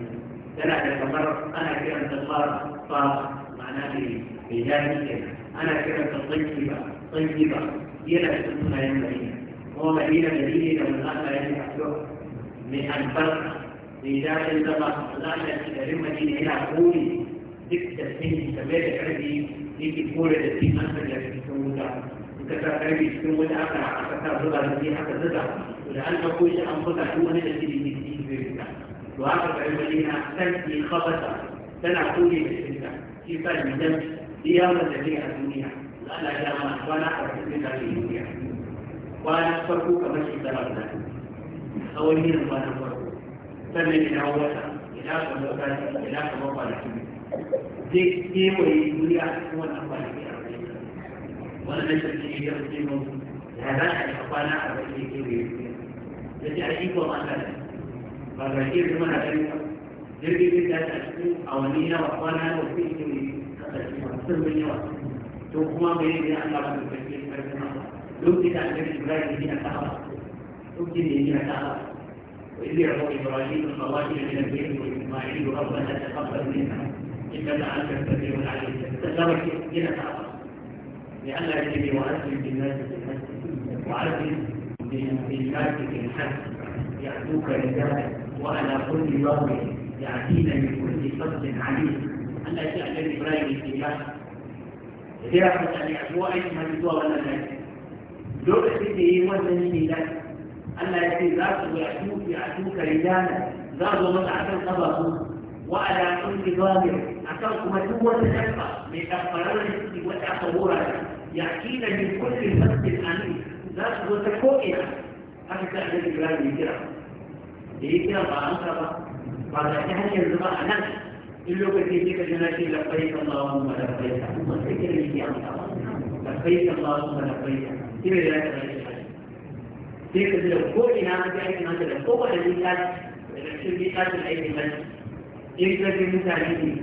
C: سنة تتمر أنا كرمت الله صار معناه في بجانب أنا كرمت الطيبة طيبة هي لا تكون هي المدينة هو مدينة مدينة من أهل يحدث من الفرق في لما طبعا الآن الكريمة دي هنا قولي تكتب تنجي سبيل عربي يجي قولي لتي أنت لك تكرر في cikin wani aka aka sa zuba da shi aka zuba to da an dauko shi an buga duk wani da shi da shi zai fita to haka kai bane na sarki khabata tana kone da shi ta shi sa ni dan iya da take a duniya Allah ya ma kwana a cikin da ke duniya kwana farko kamar shi da Allah tsawon yin kwana farko sannan ina wata ina kamar wata ina kamar kwanaki zai kewaye duniya a cikin wannan kwanaki ولا نشر فيه يقسم ذهبان الحصان على بيته كبير التي أشيك وضعنا قال بشير ثم نبيك جربي بك تشكو أولين وطانا وفيه كبير تقوم بين أن الله بكثير فرسنا لبدي تعلم إبراهيم من الأخر لبدي من الأخر وإذ يعطى إبراهيم الخواجر من البيت وإسماعيل ربنا تقبل منا إنك أنت السميع العليم تتبرك من الأخر لأن الذي يؤدي في الناس في الحسن يأتوك لذلك وعلى كل ضرب يأتينا من كل فصل عليم التي الذي لا في الناس كنت أن يأتوا أي ما يدوى ولا لا دور سيدي وزن ميلاد ألا يأتي ذات ويأتوك يأتوك لذلك ذات ومن أعتم قبضه وعلى كل ضرب أعتمكم أتوة تنفى لتغفرنا وتعتبرنا يحكينا من كل فصل الأمين ناس وتكوئنا هذا كان الإبراهيم يجرى يجرى بأنصر بعد أن يرضى أنا إلا كثير كجناتي لبيك اللهم لبيك وذكر لي لبيك اللهم لبيك كيف لا تبيك تلك الكوئنا كأن هذا الكوئنا الذي كان الشركات الأيدي من إذا كنت عليه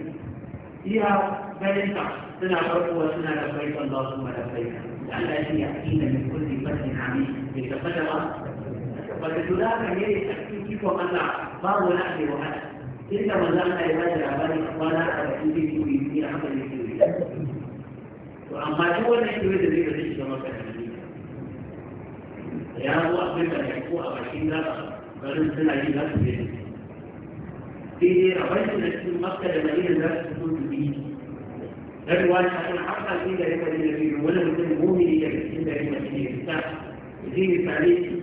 C: فيها بل انتعش سنة فرق وسنة لبيك اللهم لبيك الذي يأتينا من كل فتح عميق لتقدم فلذلك يلي تحكيم كيف وقلع باب نحن وحد إلا من لا خيبات العباد ولا أبعيد في في عمل الكوية وأما هو نحن أن بذلك كما كان يا الله أن يكون أبعيد لا بل سنة جيلات في دي ربيت نحن مكة لما إلى ذلك تكون بيه الرواية تقول حقا في ذلك النبي ولم يكن مؤمنيا في ذلك النبي دين التعليم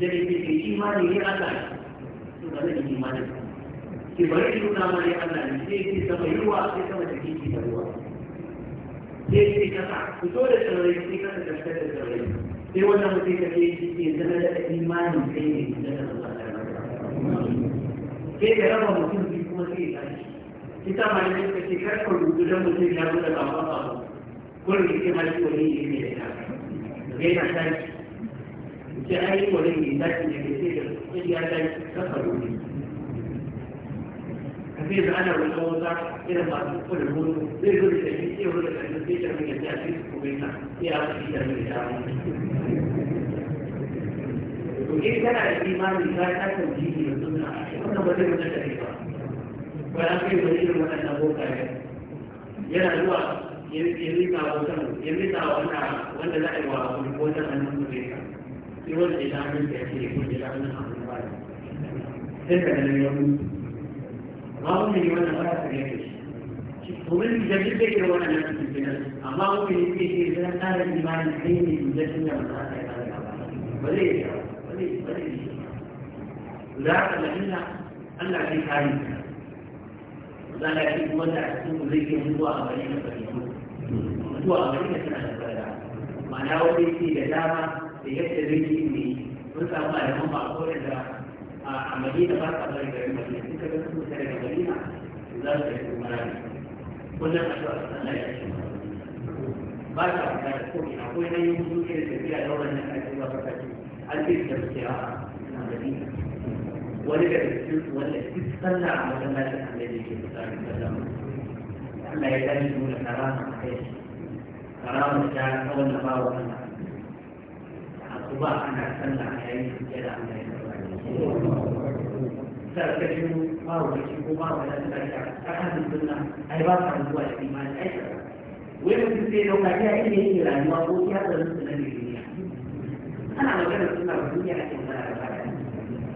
C: جري في إيمانه الله سبحان الإيمان في غير كلام الله في في تغيروا في كما تجيء تغيروا في في كذا كتور التغيير في كذا تشتت التغيير في ولا مسيك في في زمن الإيمان في زمن الله في كلام مسيك في كما تجيء kita malamai ka ce kar ka rubutu don mutum ya zo da kamar abu kun rike ma shi wani yi ne da ta yana tashi ce ai wani yi tashi ne da ce da kun ya tashi kafa rubutu ka ce da ana wani wata irin masu kuna mutu zai zo da tafi ce wani da tafi sai ta mun yadda a cikin kuma ina sai a wasu ita mai da to in kana da imani ka ta kan jini da suna wannan ba zai mutu da ba ya kai wani irin waɗannan yana zuwa ya rika wasan ya rika wanda wanda za a yi wa wani wata hannun mutum ya yi wanda ya hannun ya ce da hannun sai ganin ya mutu amma wani ne wannan domin zai kira wannan nan cikin nan amma wani ne ke ce zan tsara imanin kai ne jirgin da ba za ta ba zai yi ba zai yi ba zai za ka da Allah Allah zai kare zana shi kuma da a cikin zai ke mutuwa a bari na bari mutuwa a na suna da bada ma'ana wani yake da dama da yadda zai ke ne mun samu a yaman ba a kore da a madina ba sa bari garin madina suka ga sun daga madina za su yi kuma rami wannan a shi a sana ya ce ba sa fita da komi akwai na yin zuciya da tafiya da wannan ake ta ce an ce da tafiya a madina wani daga cikin wanda duk sallah a masallacin annabi ke mutane sallama Allah ya tashi nuna karama a kai karama ta ta wanda ba wa Allah a kuma ana sallah a yayin da Allah ya sarkacin ba wa ko ba wa nan da ta kan sunna ai ba ka zuwa da imani ai wai mutum sai dauka ya yi ne rayuwa ko ya zama sunan duniya ana magana suna duniya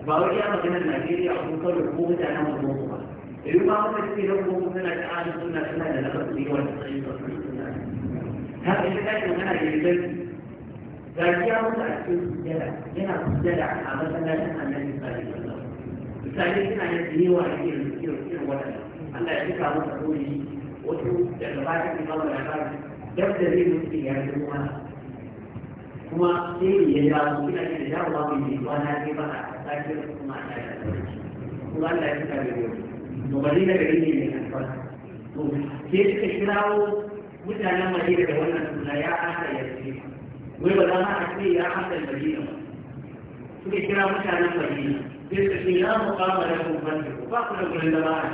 C: باوي يا مكان النيجيريا أبوك الحكومة أنا مضمون اليوم أقول في لو من الأعلى سنة سنة لقد لي ولا تخيل هذا الحكاية أنا جيدا قال يا متأكد جدع جدع جدع هذا لا أنا مثالي مثالي أنا يدي وعليه الكثير كثير ولا أنا أشوف أبوك أقولي وتو لأنه بعد في قبل العباد جبت لي نفسي يعني kuma sai ya jawo kina da jawo ba mai yiwuwa na ce ba a sake da kuma a sake da kuma Allah ya fita da yau to ba zai daga ne mai albarka to sai suka kirawo mutanen Madina da wannan suna ya haka ya ce wai ba za ma a ce ya haka Madina ba kira mutanen Madina sai suka ce ya mu kama da kun ban ba ku da gurin da ba a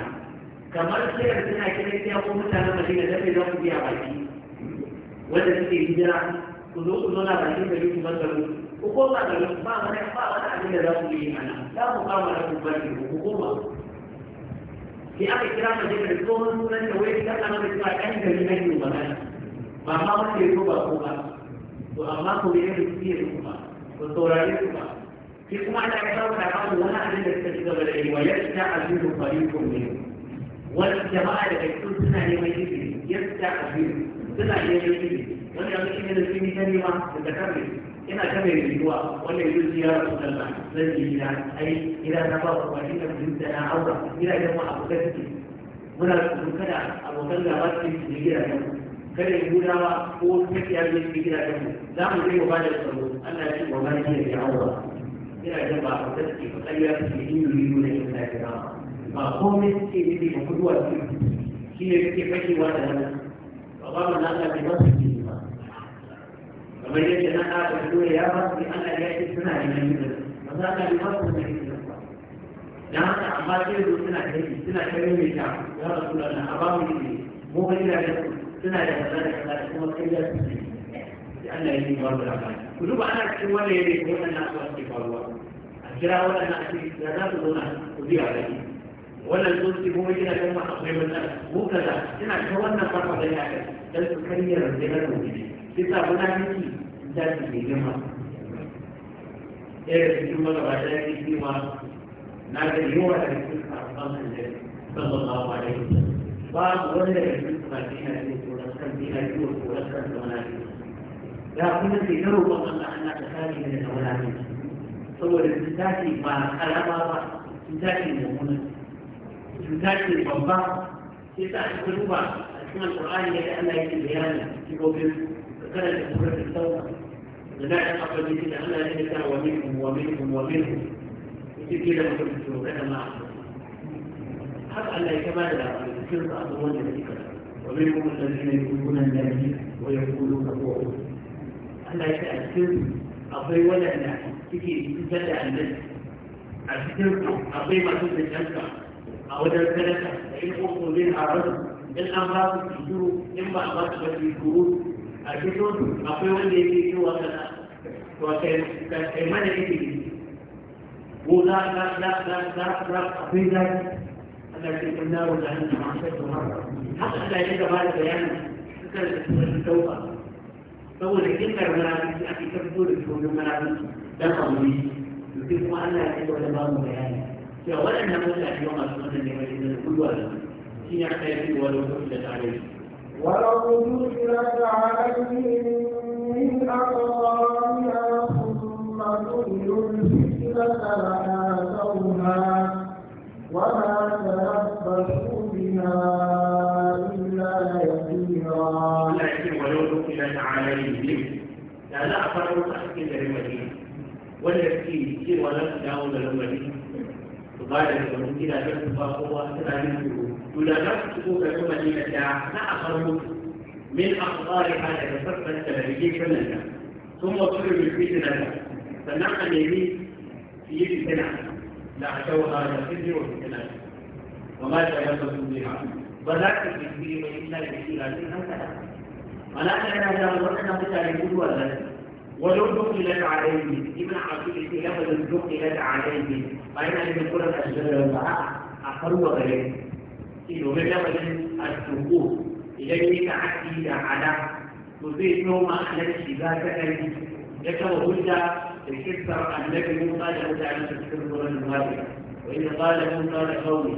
C: kamar sai suna kiran ya ko mutanen Madina da sai za ku biya baki wanda suke hijira ku zo ku zauna bakin gari ku bar gari ku koma gari ba wani ba wani abin da za ku yi ana za ku kama da ku bar ku koma sai aka kira mu da tsohon sunan da wai kan ana da cewa kan gari na yi magana ba ma wanda ya ba ko ba to amma ku ne da ku yi ku ba ku saurare ku ba في كمان أكثر من أقام ولا أدلة تجد بالعلم ويستعجل فريق منه والجماعة تكتب سنة لما يجري يستعجل سنة لما يجري wani yanzu shi ne da sun yi kalima da takarri ina kame riguwa wanda yanzu shi ya rasu zan yi gida ai gida ta ba ku wani da mutum da na aura gida abokan suke muna tsoron kada abokan gaba su yi gida da mu kada ya gudawa ko ya da su gida da mu za mu zai ba da tsaro Allah ya ce ba ma shi ya aura gida da ba abokan suke ba kariya su ke yi yi nuna yi lafiya ba komai suke yi ne ba kuduwa su shi ne suke fashewa da nan ba ba mu ba
A: kamar yadda na aka zo ya
C: ba su an da yake suna da nan gidan ba za ka yi masu da yake dan haka amma sai zo suna kai suna kai mai ta ya rasulullah a ba mu ne mu ba ina da suna da kaza da kaza kuma kai da su ne Allah ya yi ba mu labari ku duba ana cikin wani yare ne ko wannan abu ake faruwa a kira wannan a cikin da za su zauna ku biya da ni wannan sun ci kuma ina da mu akwai wannan mu kaza ina ta wannan farko da ya kai su kariyar da ya rubuce bisa munafiki za su ke girma ɗaya da cikin magabata ya ke cewa na ga yawa da cikin karfan hanyar sallallahu alaihi wasallam babu wanda da cikin kwanci na cikin tsoron kan yana ciwo tsoron kan da munafiki ya kuma ce na roƙon Allah ana ta kare ne da munafiki saboda cuta ce ba karama ba cuta ce mummuna cuta ce babba sai ta aka duba a cikin alƙur'ani yadda Allah yake bayani cikin وكانت مجرد التوبة لذلك قبل يجب أن لا يجب ومنهم ومنهم ومنهم يجب كده مجرد الشروط أنا ما أعرف حتى أن لا يتبادل الشرط أطول ذلك ومنهم الذين يقولون النبي ويقولون الروح ألا يتأثر أطي ولا أنا تكي تتبدأ النبي أشترك أطي ما كنت شمسة أو ذلك إن أصل بين الرجل الأمراض تجروا إما أمراض تجروا a cikin akwai wanda ya fi cewa kana to kai mana yake ولا لا لا لا لا لا في ذلك التي قلنا جهنم عشرة مرة حتى لا يجب هذا البيان فكرة التوبة فهو لكن الملابس التي تبدو تكون الملابس لا قوي يمكنكم أن لا يجب ولا باب بيان فأولا نقول اليوم أصلا لما يجب الكل ولا حين يحتاج ولو كفلت عليه ولو
B: جعلت عليهم من أقطارها ثم تولوا الفتنة لآتوها وما تلبسوا بها إلا يسيرا.
C: لكن ولو جعلت عليهم لا لا أقرأ تحكيم المدينة والتي سوى لم تعود المدينة وقال لهم إلى جنب فهو سلام ينافس كوكا مدينة نأخر من أخطارها يتصفى التلاميذ سنة ثم من في سنة فنحن نبي في سنة لعشوها وفي والسنة وما تيمسوا بها وذاك الكبير وإلا الكبير منها سنة ألا هذا إذا وضعنا بتاريخ الولد ولو دخلت عليه ابن عقيل لو دخلت عليه فإن أن يكون الأشجار والبعاء أخر وغيره domin lamarin al-tuku idan yi ka haɗi da ala to zai noma annabi shiga ta ɗari ya kama hujja da kisar annabi Musa da mutane da cikin ruwan Muhammad wa inna qala Musa da qawmi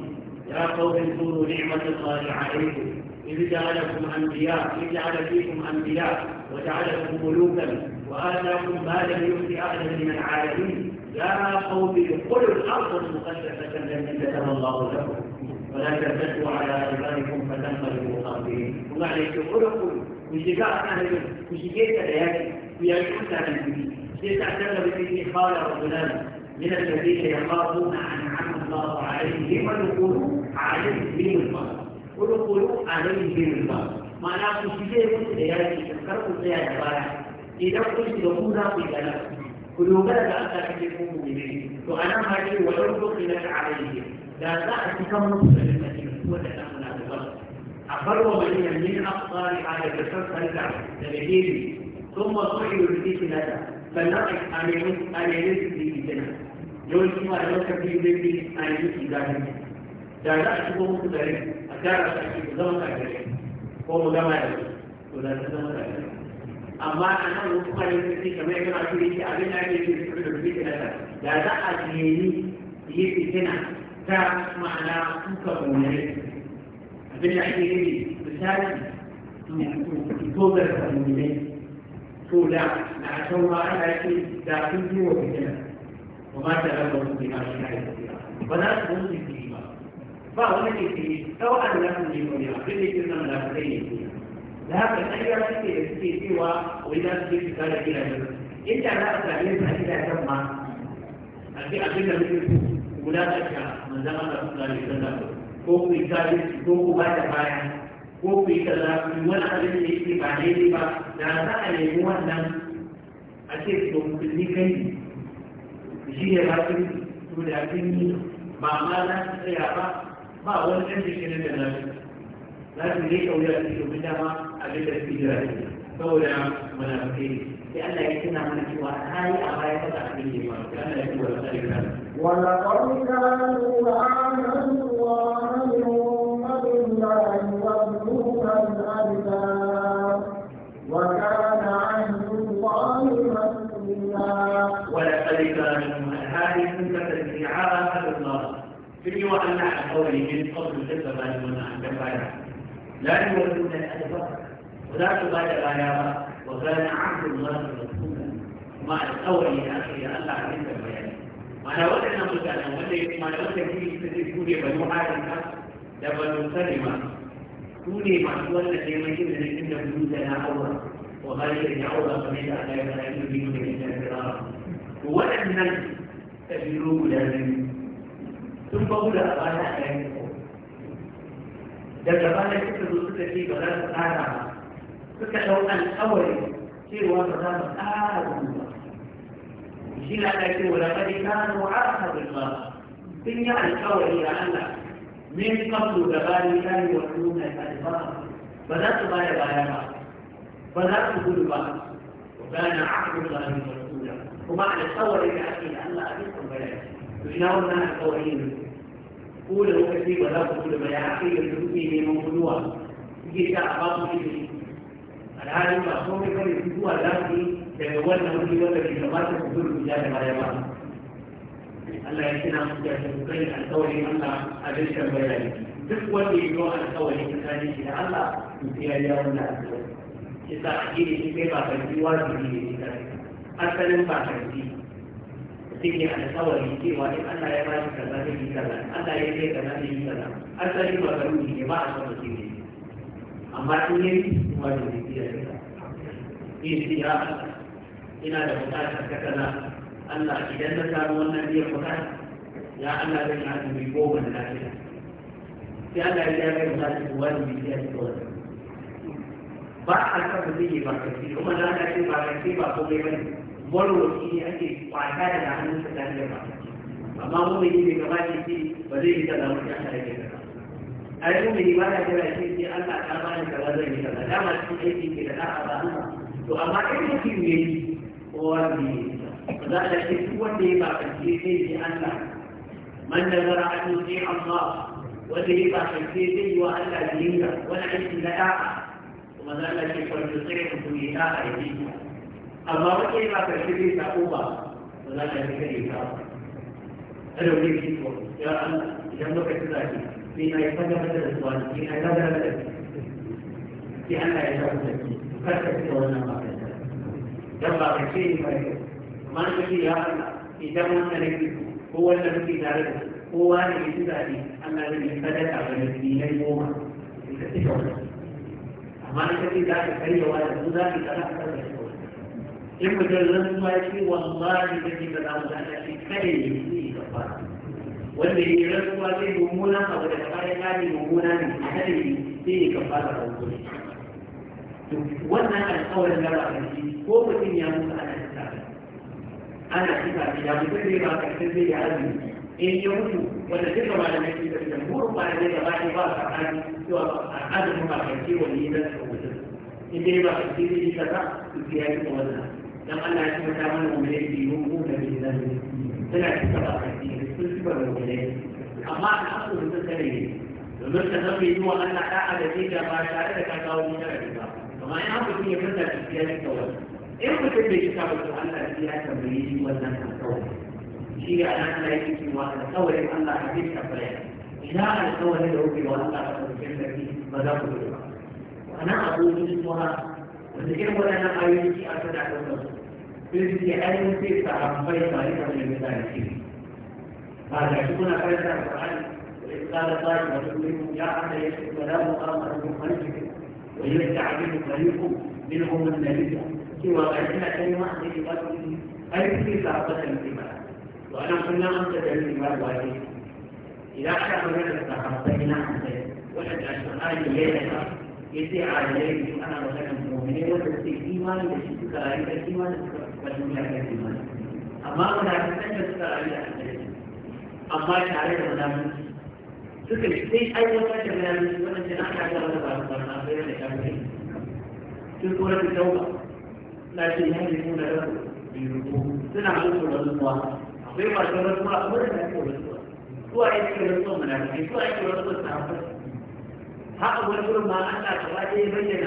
C: ya qawmi zuru ni'matullahi alaykum إذ جعلكم أنبياء إذ جعل فيكم أنبياء وجعلكم ملوكا وآتاكم ما لم يؤت أحدا من العالمين يا قوم ادخلوا الأرض المقدسة التي كتب الله لكم ولا ترتدوا على أدباركم فتنقلبوا خاسرين وما عليك خلقوا وشجاع أهل وشجيت الآيات ويعيشون على الجديد سيتعتبر به قال رجلان من الذين يخافون عن عم الله عليهم ودخلوا عليهم البصر ودخلوا عليهم البصر معناه وشجيت الايادي تذكروا الآيات البارحة إذا قلت لهم لا قيل كل بلد أنت تكلفهم به وأنا ما ولو دخلت عليهم da za a ci kan musu da rinka cikin kowace ɗan muna da wasu a farwa wani yanzu na tsari a daga sassan da daga gefe sun masu iya rufe shi nada sannan a nemi a nemi su yi gina yawanci ma da wata biyu zai fi a nemi su gani da za a shigo musu da rinka a gyara su ake ku zama kagare ko mu gama da su to da su zama kagare amma a nan wasu kwanan su ce kamar yana su yi yake abin da ake yi su da rufe shi nada da za a nemi yi fitina ta ma'ana kuka mune abin da ake yi misali togar da mune to da na a can ma ana yake da sun yi wa fitina ba ma ta raba su ne ma shi na yi ba za su wani su ba ba wani ke ke tsawon da su ne wani abin da ke nan da su zai yi da haka ɗaya suke da suke cewa wai za su je su kare gidajen inda za a same su a gidajen ma a ce abin da muke so guda shakka manzan da su zai sallah ko ku yi kafirci ko ku ba da baya ko ku yi kaza ku wani abin da yake ba daidai ba da za a nemi wannan a ce to musulmi kai shi ne ba su to da sun yi ba ma za su tsaya ba ba wani ɗan jikin da za su za su yi kauya su domin dama a duka su jira ne saboda munafikai sai Allah ya tuna mana cewa ta yi a baya a abin da ba. faru Allah ya tuna mana cewa
B: ولقد كانوا عاهدوا الله من قبل لا يولون وكان عهد
C: الله مسؤولا ولقد كانوا هذه التي عاهد الله في وأن نحن قوله من قبل كتب ما عن كفاية لا يولون الأدبار ولا تبادر آيات وكان عهد الله مسؤولا مع القول يا أخي ألا عليك البيان mana waɗannan mutanen wanda ya mana wanda ya yi suke su ne banu harika da banu salima su ne masu wannan neman yin da nufin da bulu da na aura wa hali da ya aura kamar da Allah ya fara yin biyu da yin jarirawa to waɗannan kabiru guda biyu sun babu da abana a yayin daga baya suka zo suka ce ba za su ƙara ba suka ɗau alƙawari cewa ba za su ƙara ba إلى لكن لقد كانوا عهد الله إن يعرفوا يعني إلى أن من قبل جبال كانوا يوحدون الأدبار بدأت بايا بايا فذات كل ما وكان عقل الله مسؤولا ومعنى الصور إلى أن الله أبيكم بيان وشناولنا أن الصورين قول وكثير وذات كل ما يعقل الحكمي من موضوع يجي تعبان في العالم مأخوم كان يجدوا لكن daga wannan wuri wanda bai kamata su zuru ya da baya ba Allah ya kira mu da su kai alƙawari Allah a dukkan bayani duk wanda ya yi alƙawari tsakanin shi da Allah to sai ya yi a gini shi kai ba karfi wajibi ne shi asalin ba karfi sai ne alƙawari cewa in Allah ya ba kaza zai yi kaza Allah ya yi kaza zai yi kaza asali ba karfi ne ba a saba ke ne amma in yi wajibi da ya yi kaza. Yin shi ya ina da bukatar ka kaza Allah idan na samu wannan biyan bukata ya Allah zan yi azumi goma da lafiya sai Allah ya ga bukatar wani biyan bukata ba a kafa zai yi bakanci kuma na ta ce bakanci ba ko mai bane wani ne ake kwata da hannun sa ta ba amma mu yi ne gaba ce ce ba zai yi kaza mu ta hanyar kaza a yi mu mai ba da kira ce ce Allah ta ba ni da zai yi da dama shi aiki ke da da'a ba to amma in mutum ne kowa ne za a ce duk wanda ya ba kanci zai yi Allah man da zara an yi Allah wanda ya ba kanci zai yi wa Allah biyayya wani aiki na da'a kuma za a ce kwanci sai mutum ya da'a ya yi amma wanda ya ba kanci zai sako ba ba za a ce kai ya ba kada wani ki ko ya Allah idan muka ci zaki sai na yi fada fada da suwa sai na yi fada fada da shi Allah ya sa ku zaki kar ka ci wannan magana يلا بشيء ما نقول يا إذا ما نريد هو الذي ذلك هو الذي ذلك الذي بدأ بالذي يوما أما الذي ذلك هي ولا ذلك إن مجرد ما يشي والله الذي بدأ ذلك كريم والذي يرسل عليه مؤمنا فقد كفر عليه مؤمنا هذه فيه كفارة الظلم. وأنا القول الذي ko mutum ya mutu ana hisabi ana hisabi ya mutu ne ba karshen zai ya azumi in ya mutu wanda duka malamai ke da jamhurin malamai gaba ɗaya ba a kan cewa azumin ba karshe wani ya zai mutu in dai ba karshe zai yi kaza su ya yi kuma wannan dan Allah ya kuma ta mana umarai ke yi mu da bin nan suna cika ba karshe sun cika da umarai amma a asibitin sun kare ne domin ka zama yi wa Allah da'a da zai ba tare da ka kawo mutane ba amma in haka sun yi fanta su ya yi kawai in mutum bai cika ba to Allah shi ya tambaye shi wannan alƙawari shi ga nan Allah yake cewa alƙawarin Allah ka bi ka bayar ina alƙawarin da kuke wa Allah ka tabbata da shi ba za ku yi ba ana abubuwan kuma wanda irin waɗannan ayoyi a tana ɗaukar su sai su ke ainihin sai sahabbai ba ne kamar yadda za a ce ba da shi kuna karanta Qur'ani قال طالب منهم يا أهل يشرك فلا مقام لكم خلفكم ويستعجل فريق منهم النبي cewa ƙarfin na kai ma ne ba su yi ƙarfi sa ba ta yi ba to ana kullum an ta dalili ba ba ne idan aka magana da sahabbai na hankali wanda a shahari ya yi da ya ce a yayi ana magana mu'mini wanda suke imani da shi suka rayu da imani suka wani ya ga imani amma muna kan da suka rayu da hankali amma tare da munafunci suka sai aiwatar da munafunci wanda aka ga wani ba su ba na bayar da kafin sun kora da tauba لكن يهلكون له بالركوب سنة أنتم رسولها أخبر ما شاء رسولها أخبر أن أنتم رسولها هو أنتم رسول منافقين هو أنتم رسول الصحابة حق ورسول ما أنت أخبر يبين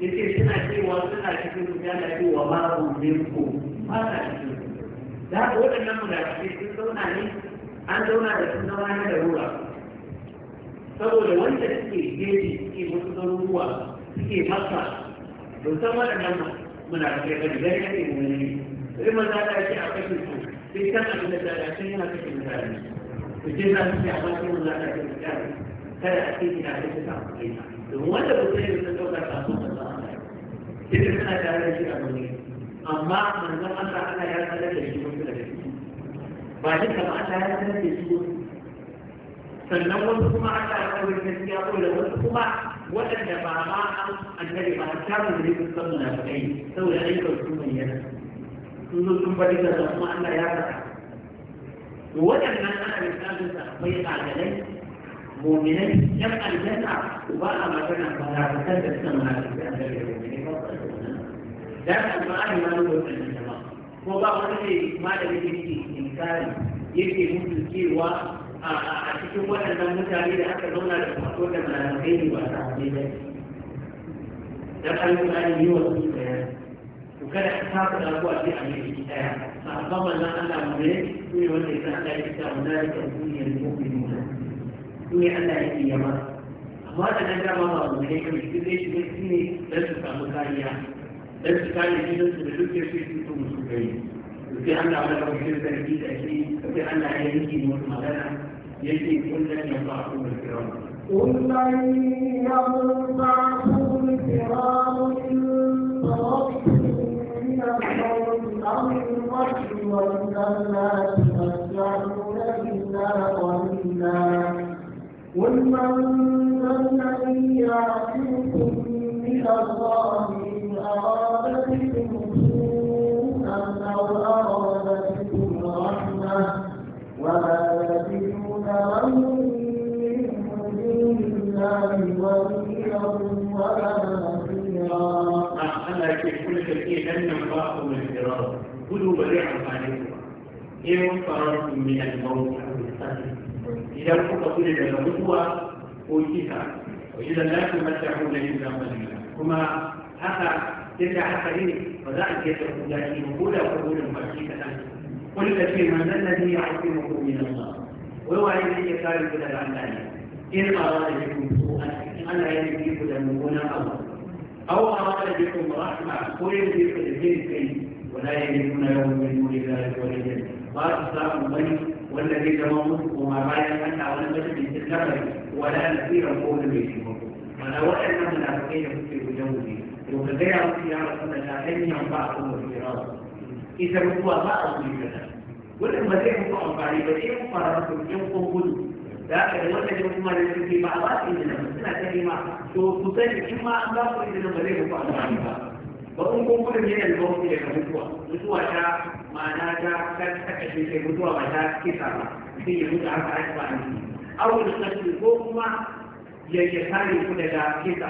C: yake suna cewa suna cikin yana cewa ba ku minku ba na cikin da haka waɗannan munafiki sun zauna ne an zauna da sun na darura saboda wanda suke gefe suke wasu garuruwa suke maka ban san waɗannan muna kai kan gari ne mu ne sai maza ta ce a kashe su sai kan da ta yana mutane to a a ta kai wanda sai da dauka ta sai da shi a amma manzon Allah ana ya tsare da shi ba duka ba ta ya da shi sannan wasu kuma aka kawai gaskiya ko da wasu kuma waɗanda ba ma an annabi ba ta mu ne san na kai saboda ayyukan su mai yana sun zo sun bari da kuma Allah ya faɗa waɗannan ana misalin sa akwai alalai mu'minai yan aljanna ba a magana ba na fitar da san na kai annabi da mu'minai ba ba da alƙur'ani ma ne wannan ko ba wani ne da yake inkari yake mutuncewa a cikin waɗannan mutane da aka zauna da kwato da malamai ne ba ta ne ba dan alƙur'ani yi yi wa su tsaya to kada a kafa da zuwa sai a yi ɗaya ba a kama nan Allah mu ne su ne wanda ya san Allah ya ta wanda ya ta duniyar mu'minuna su ne Allah ya ke yama amma da nan dama ba mu ne kan shi zai shiga shi ne dan su samu kariya dan su kare su da duk yake su to musu gari ce Allah ya rabu shi da shi ce Allah ya yi musu magana yake kullum ya ba ku da firawun kullum
B: ya ba ku da firawun قل من ذا الذي يعصمكم من الله إن أراد
C: ولا نصيرا أحسن لك كل شيء أن الله من الفرار كلوا بديع أموالكم إن فررتم من الموت أو القتل إذا كنت قلت الموت أوتيها وإذا لا تمتعون إلا قليلا كما haka inda haka ne ba za a ke da kudaki ba ko da kudin baki da ɗan wani da ce manzan wai waye ne daga إن أراد بكم سوءا إن أنا يجيب لهم هنا أو أو أراد بكم رحمة قل بكم الجنس ولا يجدون يوم من دون ذلك وليا قال إسلام الغني والذي لم تمامه وما بعد أن أعلم من تكلمه ولا نسير قول بيته أنا وأنا من أبقين في جوزي وكذا يا رسول الله أن ينفعكم الفراق إذا هو ما أصلي لنا ولما ذهبوا أنفعني بشيء فرأسوا يوم قبلوا da haka da wanda ne kuma da suke ba a ba su inda nan suna ta nema to ku sani in ma an ba ku inda nan ba zai muku amfani ba ba kun kun gudun yana da wani daga mutuwa mutuwa ta ma'ana ta ta kashe sai mutuwa ba ta kisa ba sai ya mutu haka aka a ni aure da kashi ko kuma ya ke kare ku daga kisa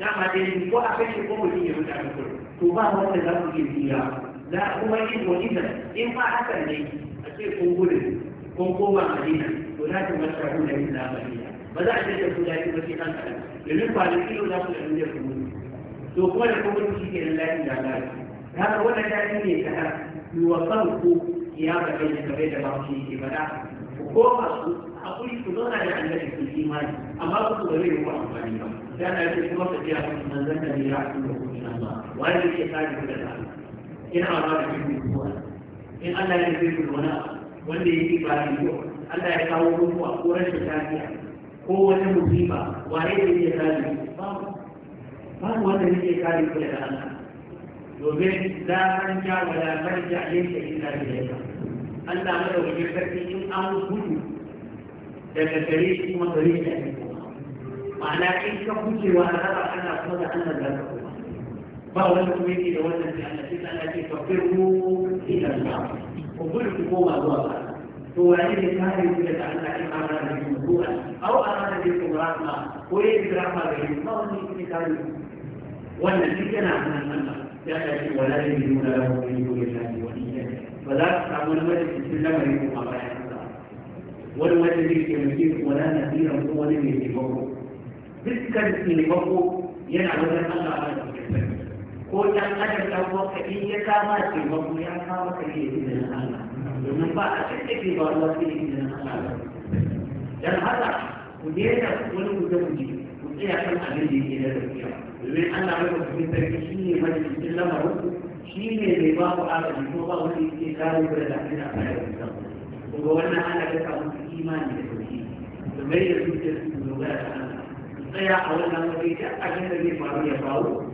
C: dama dai ko a kai shi ko mutum ya mutu a mutu to ba wanda za ku yi biya za kuma yin wani in ma hakan ne a ce kun kun koma madina to za ta mata da yin madina ba za a ce da su yi ba kan kan kaɗan domin kwanaki yau za su da duniyar ku mutu to kuma da kuma shi ke nan lafiya da lafi ta haka wannan daɗi ne ta yiwa kan ku ya ba kai da kamar da ba ku shi ke faɗa ku koma su hakuri ku zauna da annabi ku imani amma ku ku bare ku amfani ba ta na ce kuma ka biya ku zan da ne ya ku da ku nan ba wani ne ke kare ku da Allah ina ba da kuma in Allah ya yi kuma wani abu wanda yake ba da yau Allah ya kawo mutuwa ko rashin lafiya ko wata musiba waye ne yake kare Ba babu wanda yake kare ku daga Allah domin da an ja wala ina yake illa billah Allah mai wajen sarki in an gudu daga gare shi kuma gare shi ne ma'ana in ka kuce wa azaba ana kuma da Allah da ka ba wani kuma yake da wannan sai Allah sai Allah ke fakiru da Allah ku gudu ku koma zuwa ga to wani ne kare ku daga Allah in ma na da mutuwa au ana da ku rahma ko yi rahma ga yi ma wani ne wannan yana nan Allah ya ce wala ne yi da rahu ne ko ya ce wani ne ba za ka samu namiji cikin lamarin ku ma bayan wani wanda zai taimake ku wala na biyan ko wani mai taimako dukkan taimako yana wajen da ko dan adam dan wanka in ya kama ce taimako ya kama ka ne izinin Allah domin ba a cikin da ba Allah yi izinin Allah dan haka ku je da wani guje-guje ku tsaya kan abin da yake da gaskiya domin Allah ya mai cikin sarki shi ne mai cikin lamarin shi ne mai ba ku agaji ko ba wani yake kare ku da lafiya a bayan kuma wannan ana ga samun imani da sauki domin da zuciyar su dogara da Allah tsaya a wannan waje da aka yi da zai faru ya faru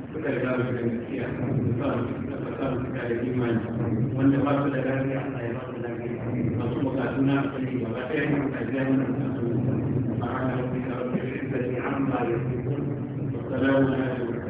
C: suka riga da wanda ba su da lafiya ba su masu bukatu na asali ɗaya ne a da shi da ya salamu